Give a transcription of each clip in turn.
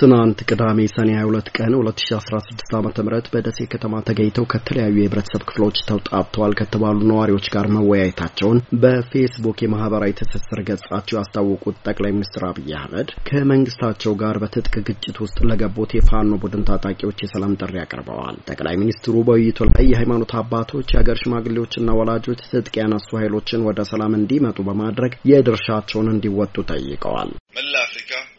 ትናንት ቅዳሜ ሰኔ 22 ቀን 2016 ዓ ም በደሴ ከተማ ተገኝተው ከተለያዩ የህብረተሰብ ክፍሎች ተውጣብተዋል ከተባሉ ነዋሪዎች ጋር መወያየታቸውን በፌስቡክ የማህበራዊ ትስስር ገጻቸው ያስታወቁት ጠቅላይ ሚኒስትር አብይ አህመድ ከመንግስታቸው ጋር በትጥቅ ግጭት ውስጥ ለገቡት የፋኖ ቡድን ታጣቂዎች የሰላም ጥሪ አቅርበዋል። ጠቅላይ ሚኒስትሩ በውይይቱ ላይ የሃይማኖት አባቶች፣ የአገር ሽማግሌዎችና ወላጆች ትጥቅ ያነሱ ኃይሎችን ወደ ሰላም እንዲመጡ በማድረግ የድርሻቸውን እንዲወጡ ጠይቀዋል።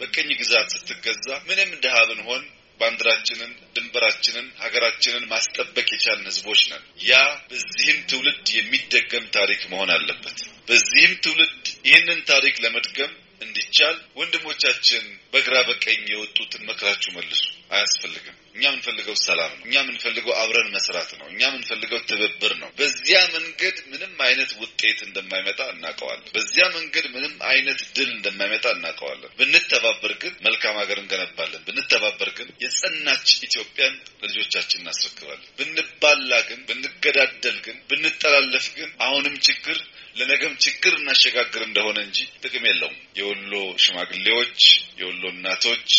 በቅኝ ግዛት ስትገዛ ምንም ድሃ ብንሆን ባንዲራችንን፣ ድንበራችንን፣ ሀገራችንን ማስጠበቅ የቻልን ህዝቦች ነን። ያ በዚህም ትውልድ የሚደገም ታሪክ መሆን አለበት። በዚህም ትውልድ ይህንን ታሪክ ለመድገም እንዲቻል ወንድሞቻችን በግራ በቀኝ የወጡትን መክራችሁ መልሱ። አያስፈልግም። እኛ የምንፈልገው ሰላም ነው። እኛ የምንፈልገው አብረን መስራት ነው። እኛ የምንፈልገው ትብብር ነው። በዚያ መንገድ ምንም አይነት ውጤት እንደማይመጣ እናውቀዋለን። በዚያ መንገድ ምንም አይነት ድል እንደማይመጣ እናውቀዋለን። ብንተባበር ግን መልካም ሀገር እንገነባለን። ብንተባበር ግን የጸናች ኢትዮጵያን ለልጆቻችን እናስረክባለን። ብንባላ ግን፣ ብንገዳደል ግን፣ ብንጠላለፍ ግን አሁንም ችግር ለነገም ችግር እናሸጋግር እንደሆነ እንጂ ጥቅም የለውም። የወሎ ሽማግሌዎች፣ የወሎ እናቶች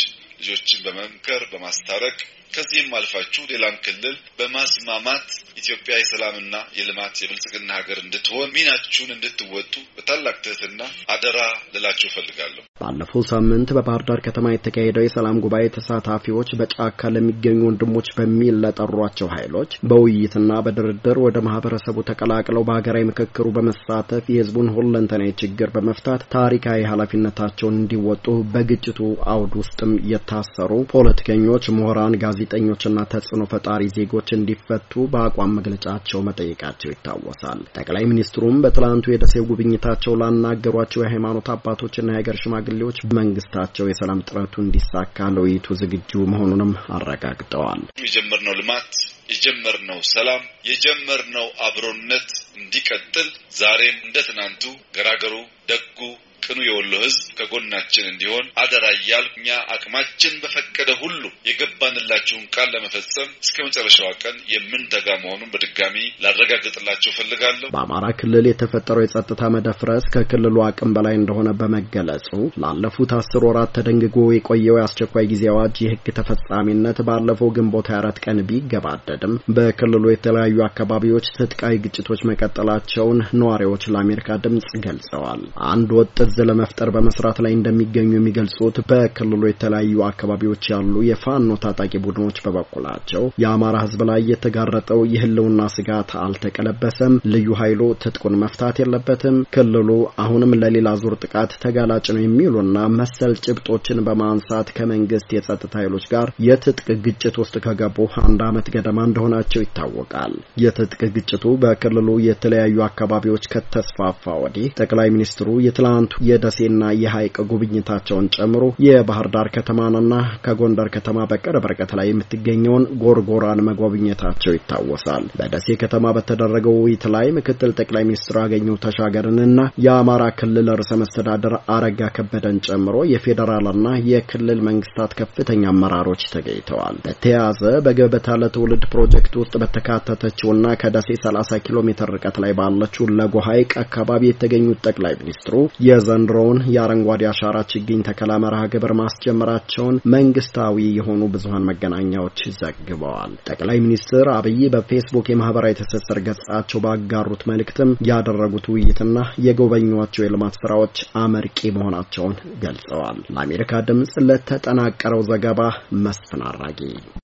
ልጆችን በመምከር በማስታረቅ ከዚህም አልፋችሁ ሌላም ክልል በማስማማት ኢትዮጵያ የሰላምና የልማት የብልጽግና ሀገር እንድትሆን ሚናችሁን እንድትወጡ በታላቅ ትህትና አደራ ልላችሁ እፈልጋለሁ። ባለፈው ሳምንት በባህር ዳር ከተማ የተካሄደው የሰላም ጉባኤ ተሳታፊዎች በጫካ ለሚገኙ ወንድሞች በሚል ለጠሯቸው ኃይሎች በውይይትና በድርድር ወደ ማህበረሰቡ ተቀላቅለው በሀገራዊ ምክክሩ በመሳተፍ የህዝቡን ሁለንተናዊ ችግር በመፍታት ታሪካዊ ኃላፊነታቸውን እንዲወጡ በግጭቱ አውድ ውስጥም የታሰሩ ፖለቲከኞች፣ ምሁራን፣ ጋዜ ጋዜጠኞችና ተጽዕኖ ፈጣሪ ዜጎች እንዲፈቱ በአቋም መግለጫቸው መጠየቃቸው ይታወሳል። ጠቅላይ ሚኒስትሩም በትላንቱ የደሴው ጉብኝታቸው ላናገሯቸው የሃይማኖት አባቶችና የሀገር ሽማግሌዎች መንግስታቸው የሰላም ጥረቱ እንዲሳካ ለውይይቱ ዝግጁ መሆኑንም አረጋግጠዋል። የጀመርነው ልማት፣ የጀመርነው ሰላም፣ የጀመርነው አብሮነት እንዲቀጥል ዛሬም እንደ ትናንቱ ገራገሩ፣ ደጉ ቅኑ የወሎ ህዝብ ከጎናችን እንዲሆን አደራ እያል እኛ አቅማችን በፈቀደ ሁሉ የገባንላችሁን ቃል ለመፈጸም እስከ መጨረሻዋ ቀን የምንተጋ መሆኑን በድጋሚ ላረጋግጥላችሁ ፈልጋለሁ። በአማራ ክልል የተፈጠረው የጸጥታ መደፍረስ ከክልሉ አቅም በላይ እንደሆነ በመገለጹ ላለፉት አስር ወራት ተደንግጎ የቆየው የአስቸኳይ ጊዜ አዋጅ የህግ ተፈጻሚነት ባለፈው ግንቦት አራት ቀን ቢገባደድም በክልሉ የተለያዩ አካባቢዎች ትጥቃዊ ግጭቶች መቀጠላቸውን ነዋሪዎች ለአሜሪካ ድምጽ ገልጸዋል። አንድ ወጥ ለመፍጠር በመስራት ላይ እንደሚገኙ የሚገልጹት በክልሉ የተለያዩ አካባቢዎች ያሉ የፋኖ ታጣቂ ቡድኖች በበኩላቸው የአማራ ህዝብ ላይ የተጋረጠው የህልውና ስጋት አልተቀለበሰም፣ ልዩ ኃይሉ ትጥቁን መፍታት የለበትም፣ ክልሉ አሁንም ለሌላ ዙር ጥቃት ተጋላጭ ነው የሚሉና መሰል ጭብጦችን በማንሳት ከመንግስት የጸጥታ ኃይሎች ጋር የትጥቅ ግጭት ውስጥ ከገቡ አንድ ዓመት ገደማ እንደሆናቸው ይታወቃል። የትጥቅ ግጭቱ በክልሉ የተለያዩ አካባቢዎች ከተስፋፋ ወዲህ ጠቅላይ ሚኒስትሩ የትላንቱ የደሴና የሐይቅ ጉብኝታቸውን ጨምሮ የባህር ዳር ከተማንና ከጎንደር ከተማ በቅርብ ርቀት ላይ የምትገኘውን ጎርጎራን መጎብኘታቸው ይታወሳል። በደሴ ከተማ በተደረገው ውይይት ላይ ምክትል ጠቅላይ ሚኒስትር አገኘሁ ተሻገርንና የአማራ ክልል ርዕሰ መስተዳደር አረጋ ከበደን ጨምሮ የፌዴራልና የክልል መንግስታት ከፍተኛ አመራሮች ተገኝተዋል። በተያያዘ በገበታ ለትውልድ ፕሮጀክት ውስጥ በተካተተችውና ከደሴ 30 ኪሎ ሜትር ርቀት ላይ ባለችው ለጎ ሐይቅ አካባቢ የተገኙት ጠቅላይ ሚኒስትሩ የዘንድሮውን የአረንጓዴ አሻራ ችግኝ ተከላ መርሃ ግብር ማስጀመራቸውን መንግስታዊ የሆኑ ብዙሀን መገናኛዎች ዘግበዋል። ጠቅላይ ሚኒስትር አብይ በፌስቡክ የማህበራዊ ትስስር ገጻቸው ባጋሩት መልእክትም ያደረጉት ውይይትና የጎበኟቸው የልማት ስራዎች አመርቂ መሆናቸውን ገልጸዋል። ለአሜሪካ ድምጽ ለተጠናቀረው ዘገባ መስፍን አራጌ